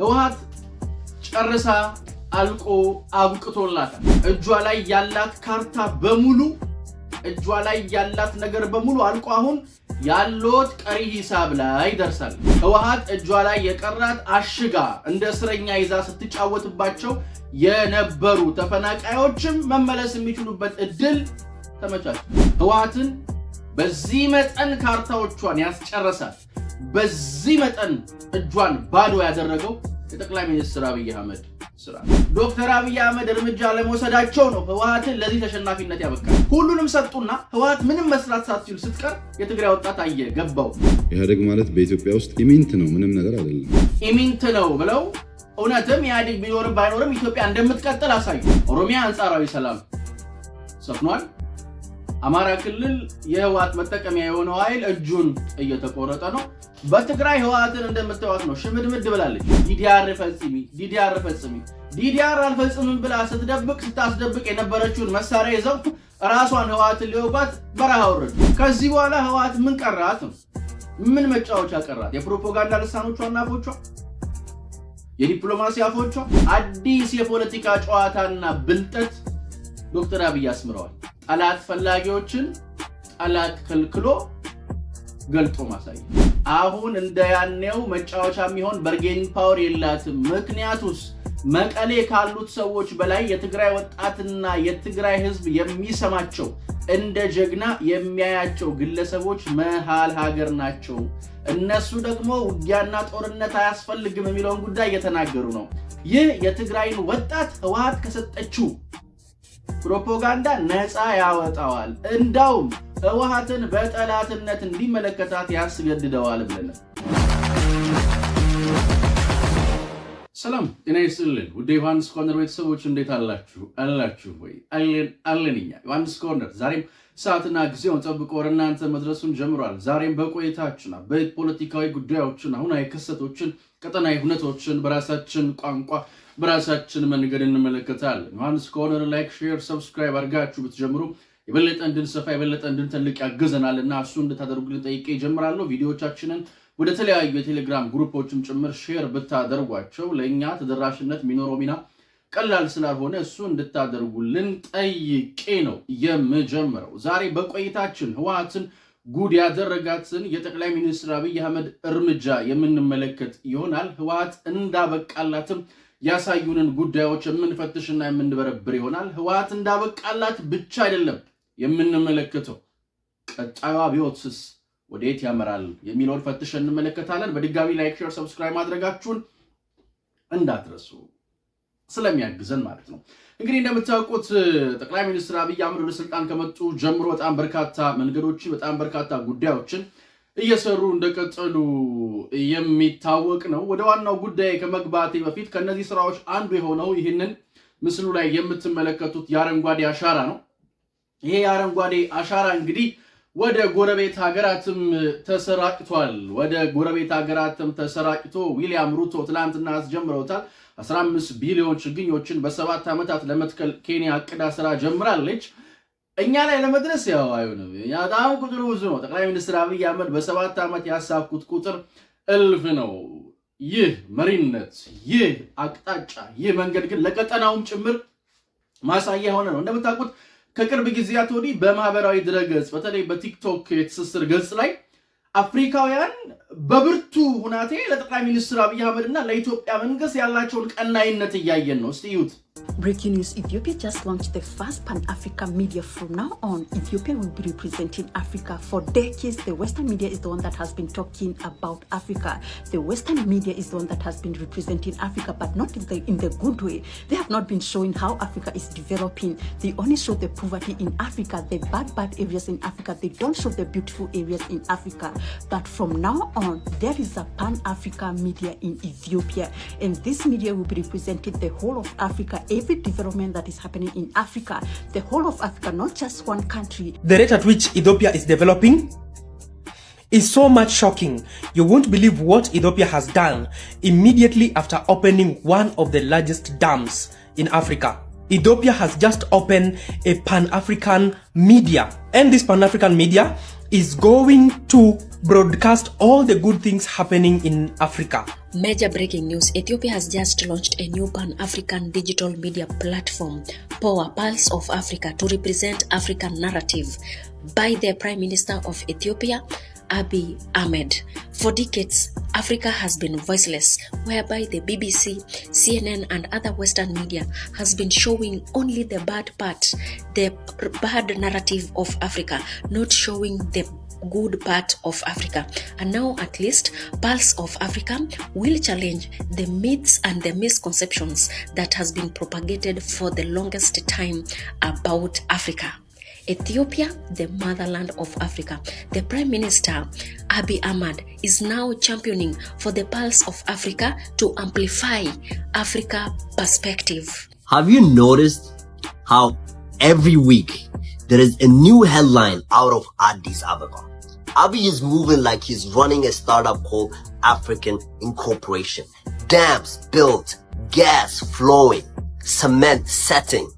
ህወሓት ጨርሳ አልቆ አብቅቶላታል። እጇ ላይ ያላት ካርታ በሙሉ እጇ ላይ ያላት ነገር በሙሉ አልቆ አሁን ያሎት ቀሪ ሂሳብ ላይ ይደርሳል። ህወሓት እጇ ላይ የቀራት አሽጋ እንደ እስረኛ ይዛ ስትጫወትባቸው የነበሩ ተፈናቃዮችም መመለስ የሚችሉበት እድል ተመቻች። ህወሓትን በዚህ መጠን ካርታዎቿን ያስጨረሳል። በዚህ መጠን እጇን ባዶ ያደረገው የጠቅላይ ሚኒስትር አብይ አህመድ ስራ ዶክተር አብይ አህመድ እርምጃ ለመውሰዳቸው ነው ህወሀትን ለዚህ ተሸናፊነት ያበቃል። ሁሉንም ሰጡና ህወሀት ምንም መስራት ሳትችል ስትቀር የትግራይ ወጣት አየ ገባው። ኢህአዴግ ማለት በኢትዮጵያ ውስጥ ኢሚንት ነው፣ ምንም ነገር አይደለም፣ ኢሚንት ነው ብለው እውነትም ኢህአዴግ ቢኖርም ባይኖርም ኢትዮጵያ እንደምትቀጥል አሳዩ። ኦሮሚያ አንጻራዊ ሰላም ሰፍኗል። አማራ ክልል የህወሓት መጠቀሚያ የሆነው ኃይል እጁን እየተቆረጠ ነው። በትግራይ ህወሓትን እንደምታዩት ነው፣ ሽምድምድ ብላለች። ዲዲአር ፈጽሚ፣ ዲዲአር ፈጽሚ፣ ዲዲአር አልፈጽምም ብላ ስትደብቅ ስታስደብቅ የነበረችውን መሳሪያ ይዘው ራሷን ህወሓትን ሊወጓት በረሃ ወረዱ። ከዚህ በኋላ ህወሓት ምን ቀራት? ምን መጫወቻ ቀራት? የፕሮፓጋንዳ ልሳኖቿና አፎቿ የዲፕሎማሲ አፎቿ አዲስ የፖለቲካ ጨዋታና ብልጠት ዶክተር አብይ አስምረዋል። ጠላት ፈላጊዎችን ጠላት ከልክሎ ገልጦ ማሳየት። አሁን እንደ ያኔው መጫወቻ የሚሆን በርጌኒንግ ፓወር የላትም። ምክንያቱስ መቀሌ ካሉት ሰዎች በላይ የትግራይ ወጣትና የትግራይ ሕዝብ የሚሰማቸው እንደ ጀግና የሚያያቸው ግለሰቦች መሃል ሀገር ናቸው። እነሱ ደግሞ ውጊያና ጦርነት አያስፈልግም የሚለውን ጉዳይ እየተናገሩ ነው። ይህ የትግራይን ወጣት ህወሓት ከሰጠችው ፕሮፓጋንዳ ነፃ ያወጣዋል፣ እንዳውም ህወሓትን በጠላትነት እንዲመለከታት ያስገድደዋል ብለናል። ሰላም ጤና ይስጥልን። ውድ ዮሐንስ ኮርነር ቤተሰቦች እንዴት አላችሁ? አላችሁ ወይ? አለን አለን። እኛ ዮሐንስ ኮርነር ዛሬም ሰዓትና ጊዜውን ጠብቆ ወደ እናንተ መድረሱን ጀምሯል። ዛሬም በቆይታችን አበይት ፖለቲካዊ ጉዳዮችን፣ አሁናዊ ክስተቶችን፣ ቀጠናዊ ሁነቶችን በራሳችን ቋንቋ በራሳችን መንገድ እንመለከታለን። ዮሐንስ ኮርነር ላይክ፣ ሼር፣ ሰብስክራይብ አድርጋችሁ ብትጀምሩ የበለጠ እንድንሰፋ የበለጠ እንድንተልቅ ያገዘናል እና እሱ እንድታደርጉልን ጠይቄ ይጀምራለሁ። ቪዲዮዎቻችንን ወደ ተለያዩ የቴሌግራም ግሩፖችም ጭምር ሼር ብታደርጓቸው ለእኛ ተደራሽነት የሚኖረው ሚና ቀላል ስላልሆነ እሱ እንድታደርጉልን ጠይቄ ነው የምጀምረው። ዛሬ በቆይታችን ህወሓትን ጉድ ያደረጋትን የጠቅላይ ሚኒስትር አብይ አህመድ እርምጃ የምንመለከት ይሆናል። ህወሓት እንዳበቃላትም ያሳዩንን ጉዳዮች የምንፈትሽና የምንበረብር ይሆናል። ህወሓት እንዳበቃላት ብቻ አይደለም የምንመለከተው ቀጣዩ አብዮትስ ወዴት ያመራል የሚለውን ፈትሽ እንመለከታለን። በድጋሚ ላይክ፣ ሼር፣ ሰብስክራይብ ማድረጋችሁን እንዳትረሱ። ስለሚያግዘን ማለት ነው። እንግዲህ እንደምታውቁት ጠቅላይ ሚኒስትር አብይ አህመድ ወደ ስልጣን ከመጡ ጀምሮ በጣም በርካታ መንገዶችን በጣም በርካታ ጉዳዮችን እየሰሩ እንደቀጠሉ የሚታወቅ ነው። ወደ ዋናው ጉዳይ ከመግባቴ በፊት ከእነዚህ ስራዎች አንዱ የሆነው ይህንን ምስሉ ላይ የምትመለከቱት የአረንጓዴ አሻራ ነው። ይሄ የአረንጓዴ አሻራ እንግዲህ ወደ ጎረቤት ሀገራትም ተሰራጭቷል። ወደ ጎረቤት ሀገራትም ተሰራጭቶ ዊሊያም ሩቶ ትላንትና አስጀምረውታል። 15 ቢሊዮን ችግኞችን በሰባት ዓመታት ለመትከል ኬንያ አቅዳ ስራ ጀምራለች። እኛ ላይ ለመድረስ ያው አይሆንም። በጣም ቁጥሩ ብዙ ነው። ጠቅላይ ሚኒስትር አብይ አህመድ በሰባት ዓመት ያሳኩት ቁጥር እልፍ ነው። ይህ መሪነት፣ ይህ አቅጣጫ፣ ይህ መንገድ ግን ለቀጠናውም ጭምር ማሳያ የሆነ ነው። እንደምታውቁት ከቅርብ ጊዜያት ወዲህ በማህበራዊ ድረገጽ በተለይ በቲክቶክ የትስስር ገጽ ላይ አፍሪካውያን በብርቱ ሁናቴ ለጠቅላይ ሚኒስትር አብይ አህመድ እና ለኢትዮጵያ መንግስት ያላቸውን ቀናይነት እያየን ነው። እስቲ እዩት። Breaking news Ethiopia just launched the first Pan Africa media. From now on, Ethiopia will be representing Africa. For decades, the Western media is the one that has been talking about Africa. The Western media is the one that has been representing Africa, but not in the, in the good way. They have not been showing how Africa is developing. They only show the poverty in Africa, the bad, bad areas in Africa. They don't show the beautiful areas in Africa. But from now on, there is a Pan Africa media in Ethiopia, and this media will be representing the whole of Africa every development that is happening in Africa, the whole of Africa, not just one country. The rate at which Ethiopia is developing is so much shocking. You won't believe what Ethiopia has done immediately after opening one of the largest dams in Africa. Ethiopia has just opened a Pan-African media. And this Pan-African media is going to broadcast all the good things happening in Africa. Major breaking news Ethiopia has just launched a new pan African digital media platform, Power Pulse of Africa, to represent African narrative by the Prime Minister of Ethiopia, Abiy Ahmed. For decades, Africa has been voiceless, whereby the BBC, CNN, and other Western media has been showing only the bad part, the bad narrative of Africa, not showing the good part of Africa. And now, at least, Pulse of Africa will challenge the myths and the misconceptions that has been propagated for the longest time about Africa. Ethiopia, the motherland of Africa. The Prime Minister Abiy Ahmed is now championing for the pulse of Africa to amplify Africa perspective. Have you noticed how every week there is a new headline out of Addis Ababa? Abiy is moving like he's running a startup called African Incorporation. Dams built, gas flowing, cement setting,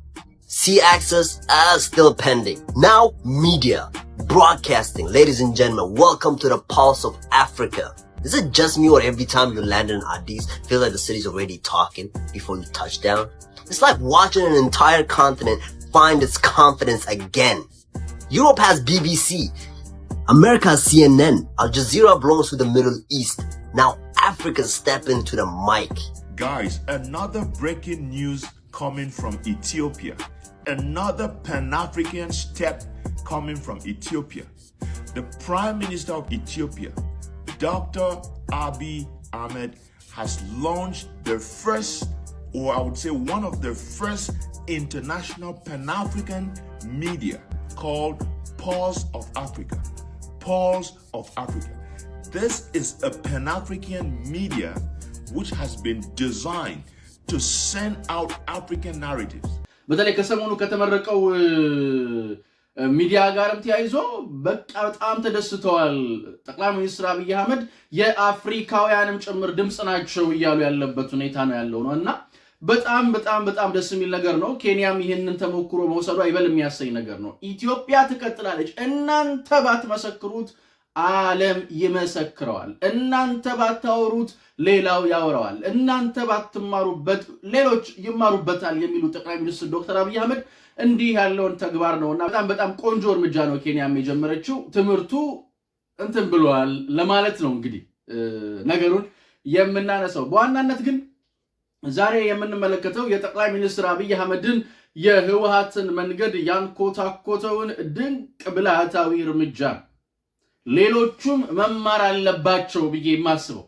C access is still pending. Now, media. Broadcasting. Ladies and gentlemen, welcome to the pulse of Africa. Is it just me or every time you land in Addis, feel like the city's already talking before you touch down? It's like watching an entire continent find its confidence again. Europe has BBC. America has CNN. Al Jazeera belongs to the Middle East. Now Africa step into the mic. Guys, another breaking news coming from Ethiopia another Pan African step coming from Ethiopia. The Prime Minister of Ethiopia, Dr. Abiy Ahmed, has launched the first, or I would say one of the first, international Pan African media called Pulse of Africa. Pulse of Africa. This is a Pan African media which has been designed to send out African narratives በተለይ ከሰሞኑ ከተመረቀው ሚዲያ ጋርም ተያይዞ በቃ በጣም ተደስተዋል። ጠቅላይ ሚኒስትር አብይ አህመድ የአፍሪካውያንም ጭምር ድምፅ ናቸው እያሉ ያለበት ሁኔታ ነው ያለው ነው እና በጣም በጣም በጣም ደስ የሚል ነገር ነው። ኬንያም ይህንን ተሞክሮ መውሰዱ አይበል የሚያሰኝ ነገር ነው። ኢትዮጵያ ትቀጥላለች። እናንተ ባትመሰክሩት ዓለም ይመሰክረዋል። እናንተ ባታወሩት ሌላው ያወረዋል እናንተ ባትማሩበት ሌሎች ይማሩበታል የሚሉ ጠቅላይ ሚኒስትር ዶክተር አብይ አህመድ እንዲህ ያለውን ተግባር ነው እና በጣም በጣም ቆንጆ እርምጃ ነው ኬንያም የጀመረችው። ትምህርቱ እንትን ብለዋል ለማለት ነው እንግዲህ ነገሩን የምናነሳው። በዋናነት ግን ዛሬ የምንመለከተው የጠቅላይ ሚኒስትር አብይ አህመድን የህወሓትን መንገድ ያንኮታኮተውን ድንቅ ብልሃታዊ እርምጃ ሌሎቹም መማር አለባቸው ብዬ የማስበው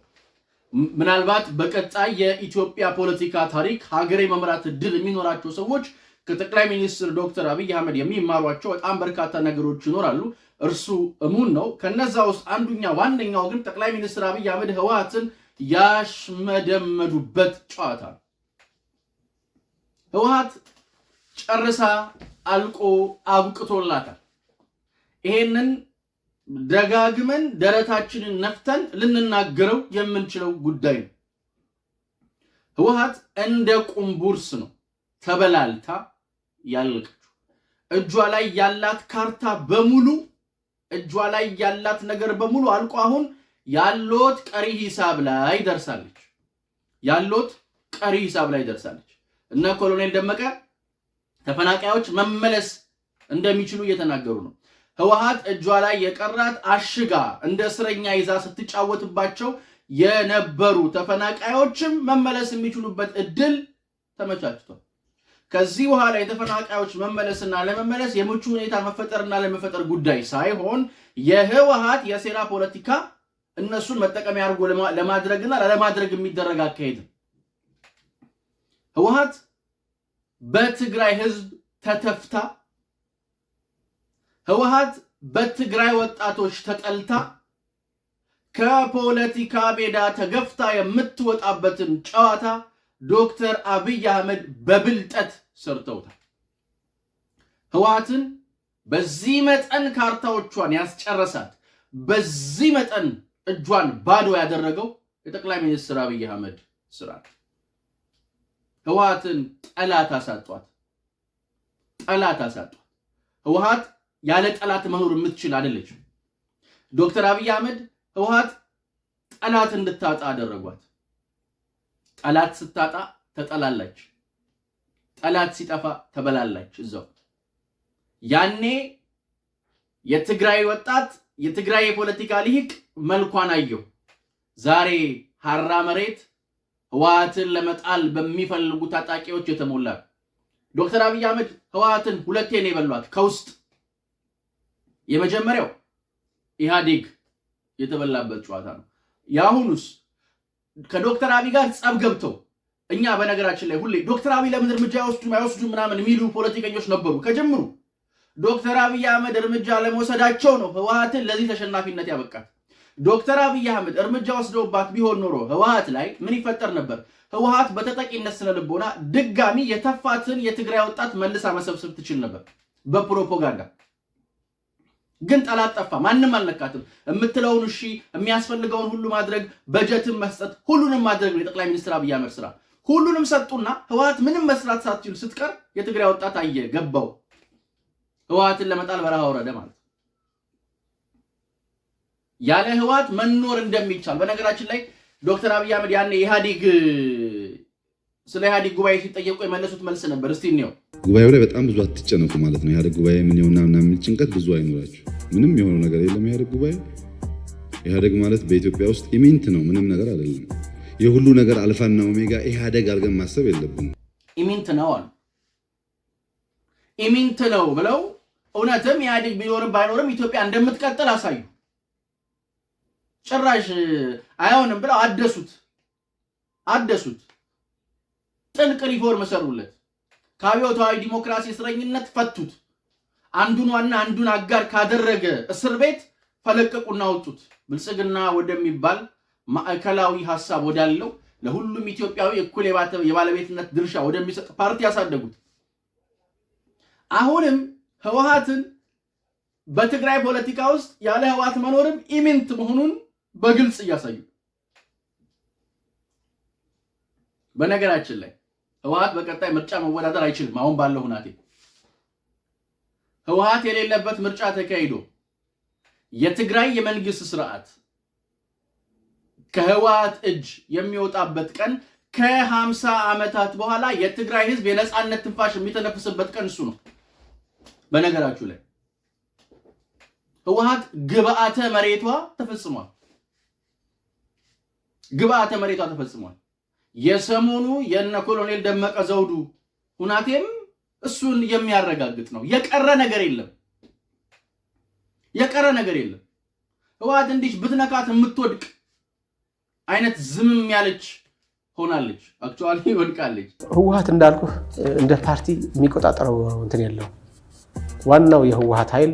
ምናልባት በቀጣይ የኢትዮጵያ ፖለቲካ ታሪክ ሀገሬ የመምራት እድል የሚኖራቸው ሰዎች ከጠቅላይ ሚኒስትር ዶክተር አብይ አህመድ የሚማሯቸው በጣም በርካታ ነገሮች ይኖራሉ። እርሱ እሙን ነው። ከነዛ ውስጥ አንዱኛ ዋነኛው ግን ጠቅላይ ሚኒስትር አብይ አህመድ ህወሓትን ያሽመደመዱበት ጨዋታ ነው። ህወሓት ጨርሳ አልቆ አብቅቶላታል። ይሄንን ደጋግመን ደረታችንን ነፍተን ልንናገረው የምንችለው ጉዳይ ነው። ህወሓት እንደ ቁምቡርስ ነው ተበላልታ ያለቀችው። እጇ ላይ ያላት ካርታ በሙሉ እጇ ላይ ያላት ነገር በሙሉ አልቆ አሁን ያሎት ቀሪ ሂሳብ ላይ ደርሳለች። ያሎት ቀሪ ሂሳብ ላይ ደርሳለች። እነ ኮሎኔል ደመቀ ተፈናቃዮች መመለስ እንደሚችሉ እየተናገሩ ነው። ህወሀት እጇ ላይ የቀራት አሽጋ እንደ እስረኛ ይዛ ስትጫወትባቸው የነበሩ ተፈናቃዮችም መመለስ የሚችሉበት እድል ተመቻችቷል። ከዚህ በኋላ የተፈናቃዮች መመለስና ለመመለስ የምቹ ሁኔታ መፈጠርና ለመፈጠር ጉዳይ ሳይሆን የህወሀት የሴራ ፖለቲካ እነሱን መጠቀሚያ አድርጎ ለማድረግና ላለማድረግ የሚደረግ አካሄድ ህወሀት በትግራይ ህዝብ ተተፍታ ህወሓት በትግራይ ወጣቶች ተጠልታ ከፖለቲካ ሜዳ ተገፍታ የምትወጣበትን ጨዋታ ዶክተር አብይ አህመድ በብልጠት ሰርተውታል። ህወሓትን በዚህ መጠን ካርታዎቿን ያስጨረሳት፣ በዚህ መጠን እጇን ባዶ ያደረገው የጠቅላይ ሚኒስትር አብይ አህመድ ስራ ህወሓትን ጠላት አሳጧት። ጠላት አሳጧት። ህወሓት ያለ ጠላት መኖር የምትችል አይደለችም። ዶክተር አብይ አህመድ ህወሓት ጠላት እንድታጣ አደረጓት። ጠላት ስታጣ ተጠላላች፣ ጠላት ሲጠፋ ተበላላች። እዛው ያኔ የትግራይ ወጣት የትግራይ የፖለቲካ ልሂቅ መልኳን አየው። ዛሬ ሀራ መሬት ህወሓትን ለመጣል በሚፈልጉ ታጣቂዎች የተሞላ ዶክተር አብይ አህመድ ህወሓትን ሁለቴ ነው የበሏት ከውስጥ የመጀመሪያው ኢህአዴግ የተበላበት ጨዋታ ነው። የአሁኑስ ከዶክተር አብይ ጋር ጸብ ገብተው እኛ በነገራችን ላይ ሁሌ ዶክተር አብይ ለምን እርምጃ አይወስዱም አይወስዱም ምናምን የሚሉ ፖለቲከኞች ነበሩ ከጀምሩ። ዶክተር አብይ አህመድ እርምጃ ለመውሰዳቸው ነው ህወሀትን ለዚህ ተሸናፊነት ያበቃት። ዶክተር አብይ አህመድ እርምጃ ወስደውባት ቢሆን ኖሮ ህወሀት ላይ ምን ይፈጠር ነበር? ህወሀት በተጠቂነት ስነልቦና ድጋሚ የተፋትን የትግራይ ወጣት መልሳ መሰብሰብ ትችል ነበር በፕሮፓጋንዳ ግን ጠላት ጠፋ፣ ማንም አልነካትም። የምትለውን እሺ፣ የሚያስፈልገውን ሁሉ ማድረግ፣ በጀትን መስጠት፣ ሁሉንም ማድረግ ነው የጠቅላይ ሚኒስትር አብይ አህመድ ስራ። ሁሉንም ሰጡና ህወሓት ምንም መስራት ሳትችል ስትቀር የትግራይ ወጣት አየ ገባው። ህወሓትን ለመጣል በረሃ ወረደ ማለት ያለ ህወሓት መኖር እንደሚቻል። በነገራችን ላይ ዶክተር አብይ አህመድ ያኔ ኢህአዴግ ስለ ኢህአዴግ ጉባኤ ሲጠየቁ የመለሱት መልስ ነበር። እስቲ እኒው ጉባኤው ላይ በጣም ብዙ አትጨነቁ ማለት ነው። ኢህአዴግ ጉባኤ ምን የሆና ምናምን ጭንቀት ብዙ አይኖራችሁ። ምንም የሆነው ነገር የለም። ኢህአዴግ ጉባኤ ኢህአዴግ ማለት በኢትዮጵያ ውስጥ ኢሚንት ነው፣ ምንም ነገር አይደለም። የሁሉ ነገር አልፋና ኦሜጋ ኢህአዴግ አድርገን ማሰብ የለብንም። ኢሚንት ነው አሉ። ኢሚንት ነው ብለው እውነትም ኢህአዴግ ቢኖርም ባይኖርም ኢትዮጵያ እንደምትቀጥል አሳዩ። ጭራሽ አይሆንም ብለው አደሱት አደሱት። ጥልቅ ሪፎርም ሰሩለት። ከአብዮታዊ ዲሞክራሲ እስረኝነት ፈቱት። አንዱን ዋና አንዱን አጋር ካደረገ እስር ቤት ፈለቀቁና ወጡት። ብልጽግና ወደሚባል ማዕከላዊ ሀሳብ ወዳለው ለሁሉም ኢትዮጵያዊ እኩል የባለቤትነት ድርሻ ወደሚሰጥ ፓርቲ ያሳደጉት። አሁንም ህወሓትን በትግራይ ፖለቲካ ውስጥ ያለ ህወሓት መኖርም ኢሚንት መሆኑን በግልጽ እያሳዩ በነገራችን ላይ ህወሀት በቀጣይ ምርጫ መወዳደር አይችልም። አሁን ባለው ሁናቴ ህወሀት የሌለበት ምርጫ ተካሂዶ የትግራይ የመንግስት ስርዓት ከህወሀት እጅ የሚወጣበት ቀን ከሀምሳ ዓመታት በኋላ የትግራይ ህዝብ የነፃነት ትንፋሽ የሚተነፍስበት ቀን እሱ ነው። በነገራችሁ ላይ ህወሀት ግብአተ መሬቷ ተፈጽሟል። ግብአተ መሬቷ ተፈጽሟል። የሰሞኑ የነ ኮሎኔል ደመቀ ዘውዱ ሁናቴም እሱን የሚያረጋግጥ ነው። የቀረ ነገር የለም፣ የቀረ ነገር የለም። ህወሓት እንዲህ ብትነካት የምትወድቅ አይነት ዝምም ያለች ሆናለች። አክቹዋሊ ይወድቃለች። ህወሓት እንዳልኩ እንደ ፓርቲ የሚቆጣጠረው እንትን የለው። ዋናው የህወሓት ኃይል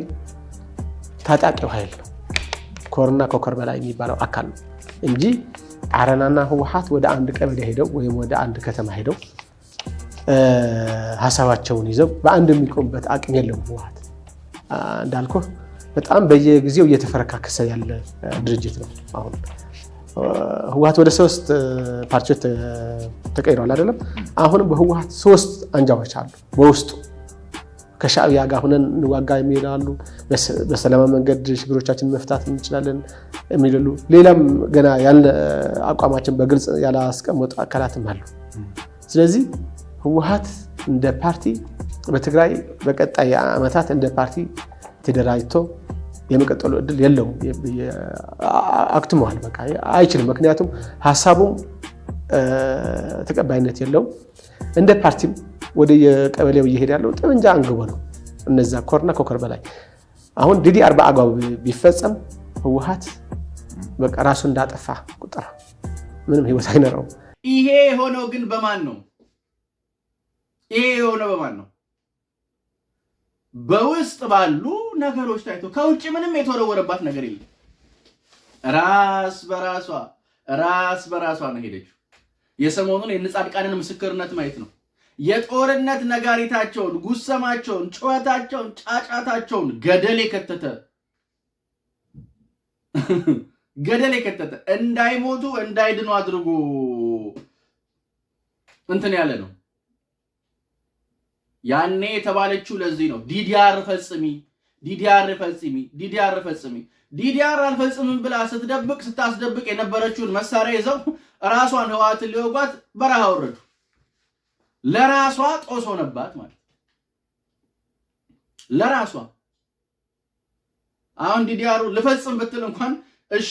ታጣቂው ኃይል ነው፣ ኮርና ኮከር በላይ የሚባለው አካል ነው እንጂ አረናና ህወሓት ወደ አንድ ቀበሌ ሄደው ወይም ወደ አንድ ከተማ ሄደው ሀሳባቸውን ይዘው በአንድ የሚቆምበት አቅም የለው ህወሓት እንዳልኩ በጣም በየጊዜው እየተፈረካከሰ ያለ ድርጅት ነው። አሁን ህወሓት ወደ ሶስት ፓርቲዎች ተቀይሯል አይደለም። አሁንም በህወሓት ሶስት አንጃዎች አሉ በውስጡ ከሻዕቢያ ጋር ሆነን እንዋጋ የሚላሉ በሰላማዊ መንገድ ችግሮቻችን መፍታት እንችላለን የሚሉ ሌላም ገና ያለ አቋማችን በግልጽ ያላስቀመጡ አካላትም አሉ። ስለዚህ ህወሓት እንደ ፓርቲ በትግራይ በቀጣይ ዓመታት እንደ ፓርቲ ተደራጅቶ የመቀጠሉ እድል የለውም። አክትመዋል፣ በቃ አይችልም። ምክንያቱም ሀሳቡም ተቀባይነት የለውም እንደ ፓርቲም ወደ የቀበሌው እየሄድ ያለው ጠመንጃ አንግቦ ነው። እነዛ ኮርና ኮከር በላይ አሁን ዲዲአር በአግባቡ ቢፈጸም ህወሀት በቃ ራሱ እንዳጠፋ ቁጥር ምንም ህይወት አይኖረውም። ይሄ የሆነው ግን በማን ነው? ይሄ የሆነው በማን ነው? በውስጥ ባሉ ነገሮች ታይቶ ከውጭ ምንም የተወረወረባት ነገር የለም። ራስ በራሷ ራስ በራሷ ነው ሄደችው። የሰሞኑን የነጻድቃንን ምስክርነት ማየት ነው። የጦርነት ነጋሪታቸውን፣ ጉሰማቸውን፣ ጩኸታቸውን፣ ጫጫታቸውን ገደል የከተተ ገደል የከተተ እንዳይሞቱ እንዳይድኑ አድርጎ እንትን ያለ ነው። ያኔ የተባለችው ለዚህ ነው። ዲዲአር ፈጽሚ፣ ዲዲአር ፈጽሚ፣ ዲዲአር ፈጽሚ፣ ዲዲአር አልፈጽምም ብላ ስትደብቅ ስታስደብቅ የነበረችውን መሳሪያ ይዘው ራሷን ህወሓትን ሊወጓት በረሃ ወረዱ። ለራሷ ጦስ ሆነባት ማለት ለራሷ አሁን ዲዲያሩ ልፈጽም ብትል እንኳን እሺ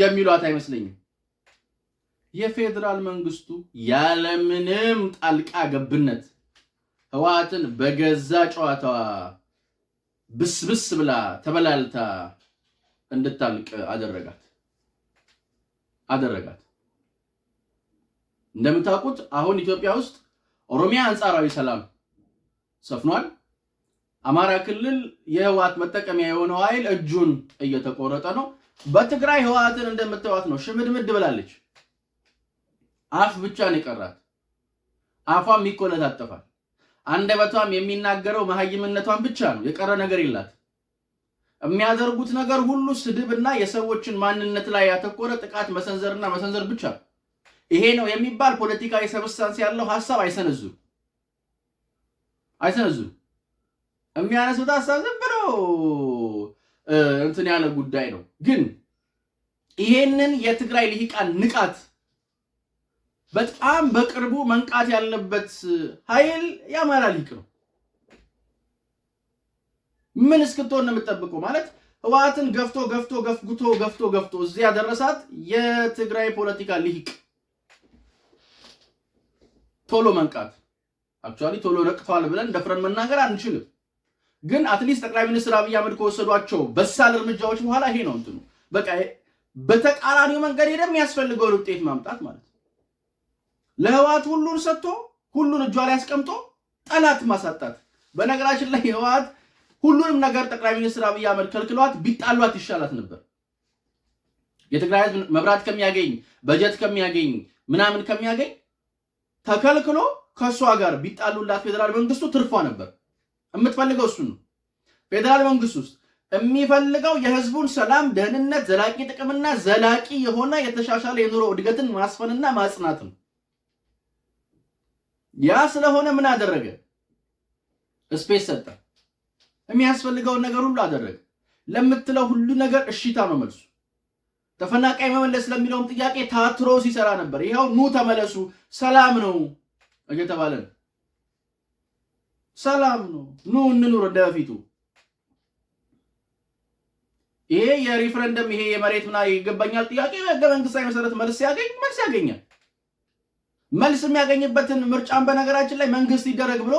የሚሏት አይመስለኝም። የፌዴራል መንግስቱ ያለምንም ጣልቃ ገብነት ህወሓትን በገዛ ጨዋታዋ ብስብስ ብላ ተበላልታ እንድታልቅ አደረጋት አደረጋት። እንደምታውቁት አሁን ኢትዮጵያ ውስጥ ኦሮሚያ አንጻራዊ ሰላም ሰፍኗል። አማራ ክልል የህወሓት መጠቀሚያ የሆነው ኃይል እጁን እየተቆረጠ ነው። በትግራይ ህወሓትን እንደምታዩት ነው፣ ሽምድምድ ብላለች። አፍ ብቻ ነው የቀራት። አፏም ይኮለታጠፋል፣ አንደበቷም የሚናገረው መሀይምነቷን ብቻ ነው። የቀረ ነገር የላት። የሚያደርጉት ነገር ሁሉ ስድብና የሰዎችን ማንነት ላይ ያተኮረ ጥቃት መሰንዘርና መሰንዘር ብቻ ነው። ይሄ ነው የሚባል ፖለቲካዊ ሰብስታንስ ያለው ሀሳብ አይሰነዙ አይሰነዙ የሚያነሱት ሀሳብ ዝም ብሎ እንትን ያለ ጉዳይ ነው። ግን ይሄንን የትግራይ ልሂቃን ንቃት በጣም በቅርቡ መንቃት ያለበት ኃይል የአማራ ሊቅ ነው። ምን እስክትሆን ነው የምጠብቀው? ማለት ህወሓትን ገፍቶ ገፍቶ ገፍጉቶ ገፍቶ ገፍቶ እዚህ ያደረሳት የትግራይ ፖለቲካ ልሂቅ ቶሎ መንቃት አክቹዋሊ ቶሎ ነቅተዋል ብለን ደፍረን መናገር አንችልም። ግን አትሊስት ጠቅላይ ሚኒስትር አብይ አህመድ ከወሰዷቸው በሳል እርምጃዎች በኋላ ይሄ ነው እንትኑ በቃ በተቃራኒው መንገድ ሄደም የሚያስፈልገውን ውጤት ማምጣት ማለት ነው። ለህወሓት ሁሉን ሰጥቶ ሁሉን እጇ ላይ አስቀምጦ ጠላት ማሳጣት። በነገራችን ላይ ህወሓት ሁሉንም ነገር ጠቅላይ ሚኒስትር አብይ አህመድ ከልክሏት ቢጣሏት ይሻላት ነበር። የትግራይ ህዝብ መብራት ከሚያገኝ በጀት ከሚያገኝ ምናምን ከሚያገኝ ተከልክሎ ከእሷ ጋር ቢጣሉላት ፌዴራል መንግስቱ ትርፏ ነበር። የምትፈልገው እሱን ነው። ፌዴራል መንግስት ውስጥ የሚፈልገው የህዝቡን ሰላም፣ ደህንነት፣ ዘላቂ ጥቅምና ዘላቂ የሆነ የተሻሻለ የኑሮ እድገትን ማስፈንና ማጽናት ነው። ያ ስለሆነ ምን አደረገ? ስፔስ ሰጠ። የሚያስፈልገውን ነገር ሁሉ አደረገ። ለምትለው ሁሉ ነገር እሽታ ነው መልሱ። ተፈናቃይ መመለስ ለሚለውም ጥያቄ ታትሮ ሲሰራ ነበር። ይኸው ኑ ተመለሱ፣ ሰላም ነው እየተባለ ሰላም ነው፣ ኑ እንኑር እንደ በፊቱ። ይሄ የሪፍረንደም ይሄ የመሬት ምና ይገባኛል ጥያቄ በህገ መንግስታዊ መሰረት መልስ ያገኝ መልስ ያገኛል። መልስ የሚያገኝበትን ምርጫን በነገራችን ላይ መንግስት ይደረግ ብሎ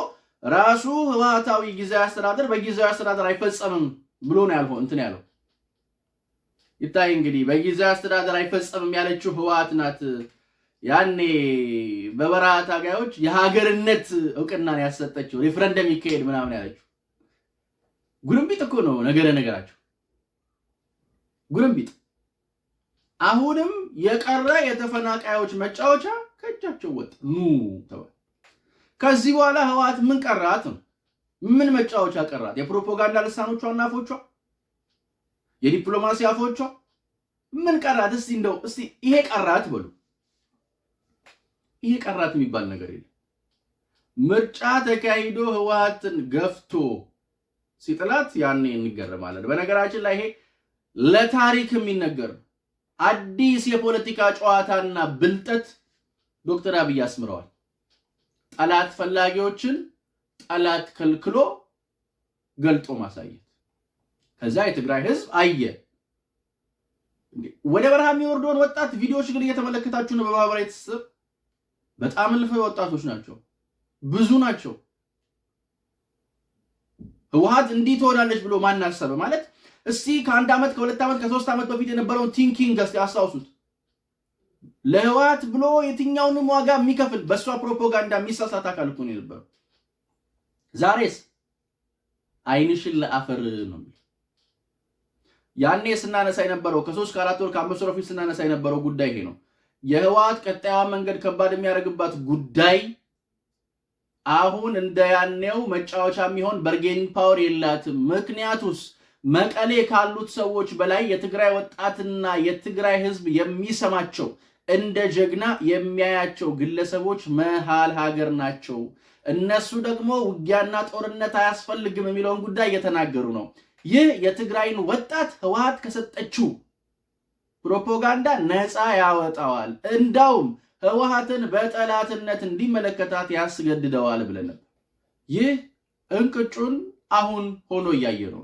ራሱ ህወሓታዊ ጊዜያዊ አስተዳደር በጊዜያዊ አስተዳደር አይፈጸምም ብሎ ነው ያልሆ እንትን ያለው ይታይ እንግዲህ በጊዜያዊ አስተዳደር አይፈጸምም ያለችው ህወሓት ናት። ያኔ በበረሃ ታጋዮች የሀገርነት እውቅናን ያሰጠችው ሪፍረንደም ይካሄድ ምናምን ያለችው ጉርምቢጥ እኮ ነው ነገረ ነገራቸው ጉርምቢጥ። አሁንም የቀረ የተፈናቃዮች መጫወቻ ከእጃቸው ወጥ ኑ ተባለ። ከዚህ በኋላ ህወሓት ምን ቀራት ነው? ምን መጫወቻ ቀራት? የፕሮፓጋንዳ ልሳኖቿ አፎቿ የዲፕሎማሲ አፎቿ ምን ቀራት? እስቲ እንደው እስቲ ይሄ ቀራት በሉ። ይሄ ቀራት የሚባል ነገር የለም። ምርጫ ተካሂዶ ህወሓትን ገፍቶ ሲጥላት ያኔ እንገረማለን። በነገራችን ላይ ይሄ ለታሪክ የሚነገር አዲስ የፖለቲካ ጨዋታና ብልጠት ዶክተር አብይ አስምረዋል። ጠላት ፈላጊዎችን ጠላት ከልክሎ ገልጦ ማሳየት ከዛ የትግራይ ህዝብ አየ። ወደ በረሃ የሚወርደውን ወጣት ቪዲዮዎች ግን እየተመለከታችሁ ነው በማህበራዊ ትስስር። በጣም እልፍ ወጣቶች ናቸው፣ ብዙ ናቸው። ህወሓት እንዲህ ትሆናለች ብሎ ማን አሰበ ማለት እስቲ ከአንድ ዓመት ከሁለት ዓመት ከሶስት ዓመት በፊት የነበረውን ቲንኪንግ እስቲ አስታውሱት። ለህወሓት ብሎ የትኛውንም ዋጋ የሚከፍል በእሷ ፕሮፓጋንዳ የሚሳሳት አካል እኮ ነው የነበረው። ዛሬስ አይንሽን ለአፈር ነው። ያኔ ስናነሳ የነበረው ከሶስት ከአራት ወር ከአምስት ወር ፊት ስናነሳ የነበረው ጉዳይ ይሄ ነው። የህወሓት ቀጣዩዋ መንገድ ከባድ የሚያደርግባት ጉዳይ አሁን እንደ ያኔው መጫወቻ የሚሆን በርጌን ፓወር የላትም። ምክንያቱስ መቀሌ ካሉት ሰዎች በላይ የትግራይ ወጣትና የትግራይ ህዝብ የሚሰማቸው እንደ ጀግና የሚያያቸው ግለሰቦች መሃል ሀገር ናቸው። እነሱ ደግሞ ውጊያና ጦርነት አያስፈልግም የሚለውን ጉዳይ እየተናገሩ ነው። ይህ የትግራይን ወጣት ህወሓት ከሰጠችው ፕሮፓጋንዳ ነፃ ያወጣዋል፣ እንዳውም ህወሓትን በጠላትነት እንዲመለከታት ያስገድደዋል ብለን ነበር። ይህ እንቅጩን አሁን ሆኖ እያየ ነው።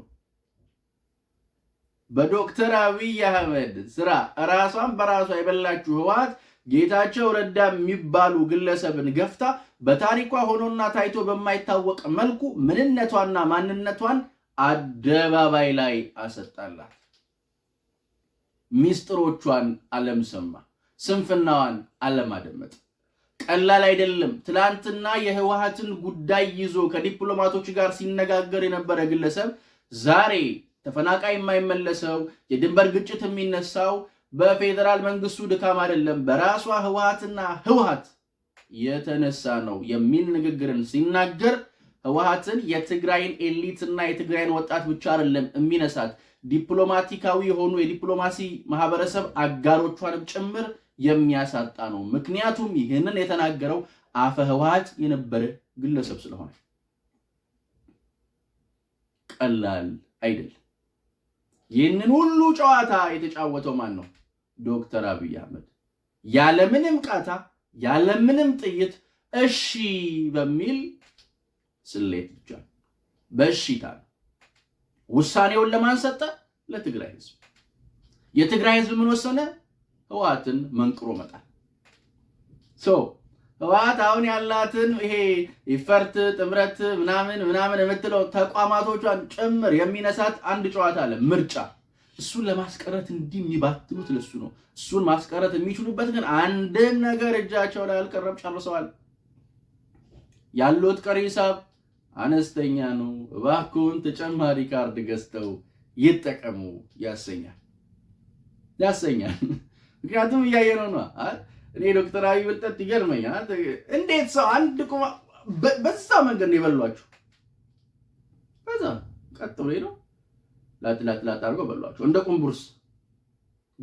በዶክተር አብይ አህመድ ስራ ራሷን በራሷ የበላችው ህወሓት ጌታቸው ረዳ የሚባሉ ግለሰብን ገፍታ በታሪኳ ሆኖና ታይቶ በማይታወቅ መልኩ ምንነቷና ማንነቷን አደባባይ ላይ አሰጣላት። ሚስጥሮቿን ዓለም ሰማ፣ ስንፍናዋን ዓለም አደመጠ። ቀላል አይደለም። ትላንትና የህወሓትን ጉዳይ ይዞ ከዲፕሎማቶች ጋር ሲነጋገር የነበረ ግለሰብ ዛሬ ተፈናቃይ የማይመለሰው የድንበር ግጭት የሚነሳው በፌዴራል መንግስቱ ድካም አይደለም፣ በራሷ ህወሓትና ህወሓት የተነሳ ነው የሚል ንግግርን ሲናገር ህወሀትን የትግራይን ኤሊት እና የትግራይን ወጣት ብቻ አይደለም የሚነሳት ዲፕሎማቲካዊ የሆኑ የዲፕሎማሲ ማህበረሰብ አጋሮቿንም ጭምር የሚያሳጣ ነው። ምክንያቱም ይህንን የተናገረው አፈ ህወሀት የነበረ ግለሰብ ስለሆነ ቀላል አይደል። ይህንን ሁሉ ጨዋታ የተጫወተው ማን ነው? ዶክተር አብይ አህመድ ያለምንም ቃታ ያለምንም ጥይት እሺ በሚል ስሌት ብቻ በሽታ ውሳኔውን ለማን ሰጠ? ለትግራይ ህዝብ። የትግራይ ህዝብ ምን ወሰነ? ህወሓትን መንቅሮ መጣል። ህወሓት አሁን ያላትን ይሄ ይፈርት ጥምረት ምናምን ምናምን የምትለው ተቋማቶቿን ጭምር የሚነሳት አንድ ጨዋታ አለ፣ ምርጫ። እሱን ለማስቀረት እንዲህ ለሱ ነው። እሱን ማስቀረት የሚችሉበት ግን አንድም ነገር እጃቸው ላይ አልቀረም፣ ጨርሰዋል። ያሉት ቀሪ ሂሳብ አነስተኛ ነው፣ እባክዎን ተጨማሪ ካርድ ገዝተው ይጠቀሙ ያሰኛል ያሰኛል። ምክንያቱም እያየ ነው እኔ ዶክተር አብይ ብልጠት ይገርመኛል። እንዴት ሰው አንድ ቁማ በዛ መንገድ ነው የበሏችሁ። በዛ ቀጥ ብሎ ነው ላጥላጥላጥ አድርገው በሏችሁ እንደ ቁምቡርስ።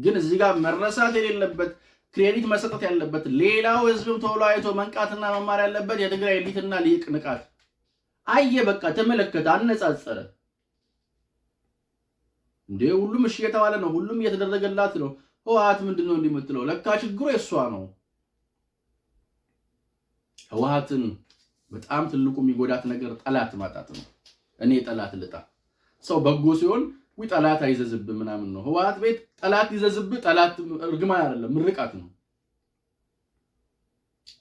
ግን እዚህ ጋር መረሳት የሌለበት ክሬዲት መሰጠት ያለበት ሌላው ህዝብም ቶሎ አይቶ መንቃትና መማር ያለበት የትግራይ ኤሊትና ሊቅ ንቃት አየ፣ በቃ ተመለከተ፣ አነጻጸረ። እንዴ ሁሉም እሺ የተባለ ነው፣ ሁሉም እየተደረገላት ነው። ህወሓት ምንድን ነው እንደምትለው? ለካ ችግሩ የሷ ነው። ህወሓትን በጣም ትልቁ የሚጎዳት ነገር ጠላት ማጣት ነው። እኔ ጠላት ልጣ ሰው በጎ ሲሆን ዊ ጠላት አይዘዝብ ምናምን ነው። ህወሓት ቤት ጠላት ይዘዝብ፣ ጠላት እርግማን አይደለም ምርቃት ነው።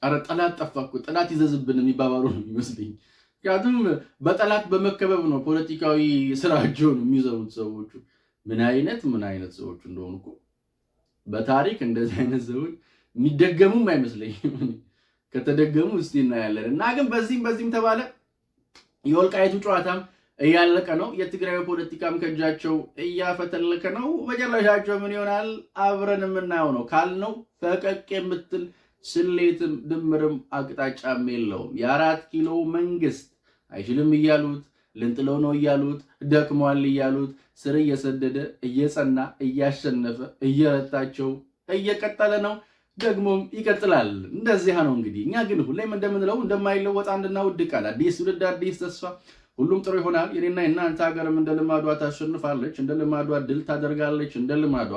አረ ጠላት ጠፋኩ ጠላት ይዘዝብን የሚባባሉ ነው የሚመስለኝ። ምክንያቱም በጠላት በመከበብ ነው ፖለቲካዊ ስራቸውን የሚሰሩት ሰዎቹ። ምን አይነት ምን አይነት ሰዎች እንደሆኑ እኮ በታሪክ እንደዚህ አይነት ሰዎች የሚደገሙም አይመስለኝም። ከተደገሙ እስቲ እናያለን። እና ግን በዚህም በዚህም ተባለ የወልቃይቱ ጨዋታም እያለቀ ነው። የትግራይ ፖለቲካም ከእጃቸው እያፈተለከ ነው። መጨረሻቸው ምን ይሆናል አብረን የምናየው ነው። ካልነው ፈቀቅ የምትል ስሌትም ድምርም አቅጣጫም የለውም። የአራት ኪሎ መንግስት አይችልም እያሉት ልንጥለው ነው እያሉት ደክሟል እያሉት ስር እየሰደደ እየጸና እያሸነፈ እየረታቸው እየቀጠለ ነው። ደግሞም ይቀጥላል። እንደዚያ ነው እንግዲህ። እኛ ግን ሁሌም እንደምንለው እንደማይለወጥ አንድና ውድ ቃል፣ አዲስ ትውልድ፣ አዲስ ተስፋ፣ ሁሉም ጥሩ ይሆናል። የኔና የእናንተ ሀገርም እንደ ልማዷ ታሸንፋለች፣ እንደ ልማዷ ድል ታደርጋለች፣ እንደ ልማዷ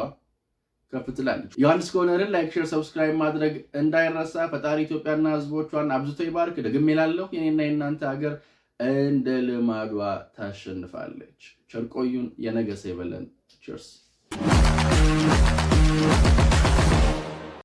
ከፍ ትላለች። ዮሐንስ ኮርነርን ላይክ፣ ሼር፣ ሰብስክራይብ ማድረግ እንዳይረሳ። ፈጣሪ ኢትዮጵያና ህዝቦቿን አብዝቶ ይባርክ። ደግሜ የኔና የእናንተ ሀገር እንደ ልማዷ ታሸንፋለች። ቸርቆዩን የነገሰ ይበለን። ቸርስ